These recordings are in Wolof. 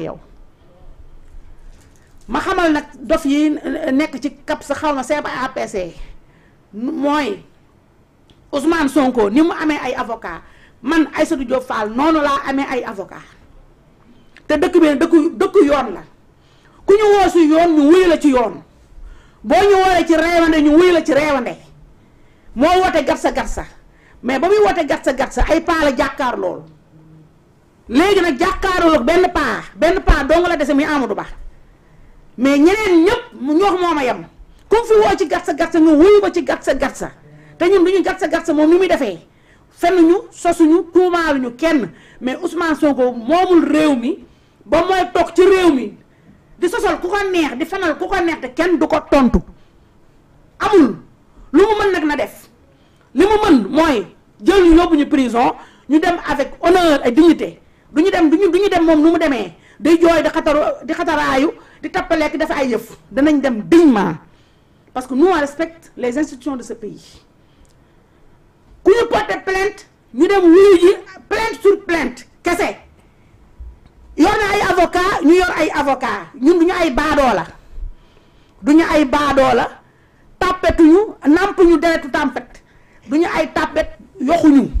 yow ma xamal nag dof yi eh, eh, nekk ci cap sa xaw ma seeb APC mooy Ousmane Sonko ni mu amee ay avocat man Aïssatou Diop Fall noonu laa amee ay avocat te dëkk bi dëkku dëkku yoon la ku ñu woo si yoon ñu wuyu la ci yoon boo ñu woowee ci reewande ñu wuyu la ci reewande moo woote gatsa gatsa mais ba muy woote gatsa gatsa ay paala jàkkaar loolu léegi nag jàkkaarloo benn paa benn paa dong la dese muy Amadou Ba mais ñeneen ñëpp mu ñoox moom a yem comme fi woo ci gatsa gatsa ñu wuyu ba ci gatsa gatsa te ñun du ñu gatsa gatsa moom ni muy defee fennuñu sosuñu ñu kenn mais Ousmane Sonko moomul réew mi ba mooy toog ci réew mi di sosal ku ko neex di fenal ku ko neex te kenn du ko tontu amul lu mu mën nag na def li mu mën mooy jël ñu yóbbu ñu prison ñu dem avec honneur ay dignité du ñu dem du ñu ñu dem moom nu mu demee day jooy di xataru di xataraayu di tappaleek def ay yëf danañ dem ma parce que nous on respecte les institutions de ce pays ku ñu porté plainte ñu dem wuyu ji plainte sur plainte kese yor na ay avocat ñu yor ay avocat ñun du ñu ay baadoo la du ñu ay baadoo la tàppetuñu nampuñu deretu tàmpet du ñu ay tàppet yoxuñu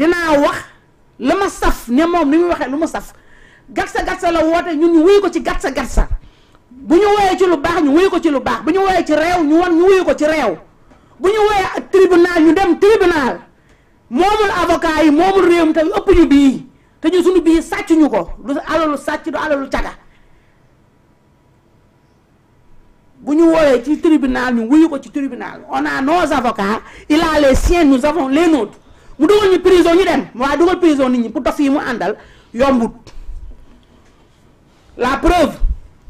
dinaa wax la ma saf ne moom ni muy waxee lu ma saf gatsa gatsa la woote ñun ñu wuyu ko ci gatsa gatsa bu ñu woyee ci lu baax ñu wuyu ko ci lu baax bu ñu woyee ci réew ñu wan ñu wuyu ko ci réew bu ñu woyee ak tribunal ñu dem tribunal moomul avocat yi moomul réew mi te ëpp ñu bii te ñu suñu bii sàcc ñu ko du alalu sàcc du alalu caga bu ñu woyee ci tribunal ñu wuyu ko ci tribunal on a nos avocats il a les siens nous avons les nôtres mu dugal ñu prison ñu dem waaye dugal prison nit ñi pour dof yi mu àndal yombut la preuve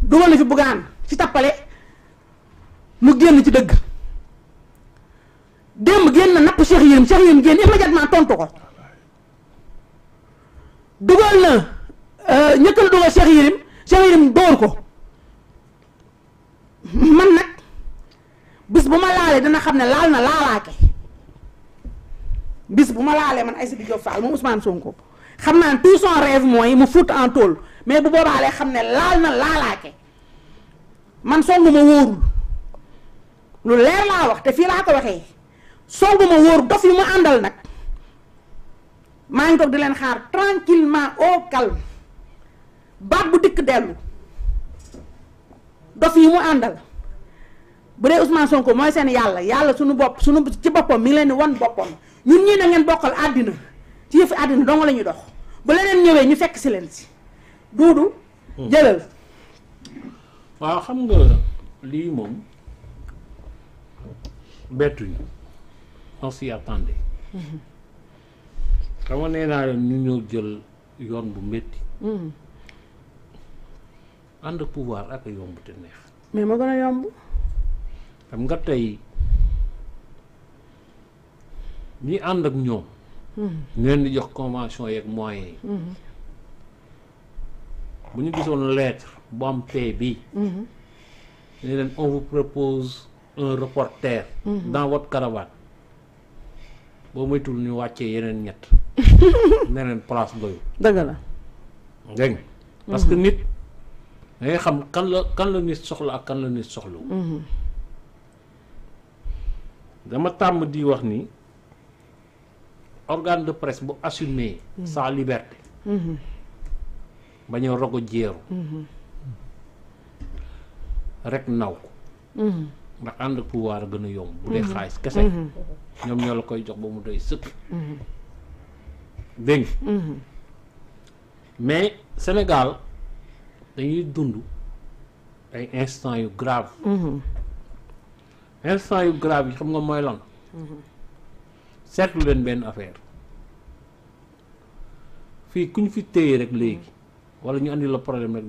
dugal na fi buggaan ci tappale mu génn ci dëgg démb génn na napp Cheikh Yérim Cheikh Yérim génn immédiatement tontu ko dugal na euh, ñëkk na dugal Cheikh Yérim Cheikh Yérim dóor ko man nag bis bu ma laalee dana xam ne laal na laalaake buma ma man Aïssatou Diop Fall mo Ousmane Sonko xamna tout son rêve moy mu fut en tôle mais bu boobaa lay laal na laalaake man songu mo wóorul lu leer la wax te fi la ko waxee songu ma wóor dof yu ma andal nak maa ngi di len xaar tranquillement au calme baat bu dik delu dof yu mu andal bu dee Ousmane Sonko moy sen yalla yalla sunu bop sunu ci boppam mi ngi won ñun ñi na ngeen bokal adina ci yef adina do nga lañu dox bu leneen ñëwee ñu fekk si leen si duudu hmm. jëlal wa xam nga li mom bettu ñu on s'y attendait xam hmm. nga nee naa ñu ñëw jël yoon bu métti and hmm. pouvoir ak yomb te neex mais ma gëna a yomb xam nga tay ñi ànd ak ñoom. ñu hmm. leen di jox convention yeeg moyens yi. Hmm. bu ñu gisoon lettre bu bi. Hmm. ne leen on propose un reporter. dans votre caravane. boo moytul ñu wàccee yeneen ñett. ne leen place doyu dëgg la. dégg parce que nit da ngay xam kan la kan la nit soxla ak kan la nit soxla. dama tàmm di wax ni. organe de presse bu assumer sa liberté bañ a rogo jéeru naw ko ndax ànd ak pouvoir a gën a yomb bu dee xaalis kese ñoom ñoo la koy jox ba mu doy sëkk dégg mais Sénégal dañuy dund ay instant yu grave instant yu grave yi xam nga mooy lan seetlu leen benn affaire fii ku ñu fi téye rek léegi wala ñu indi la problème rek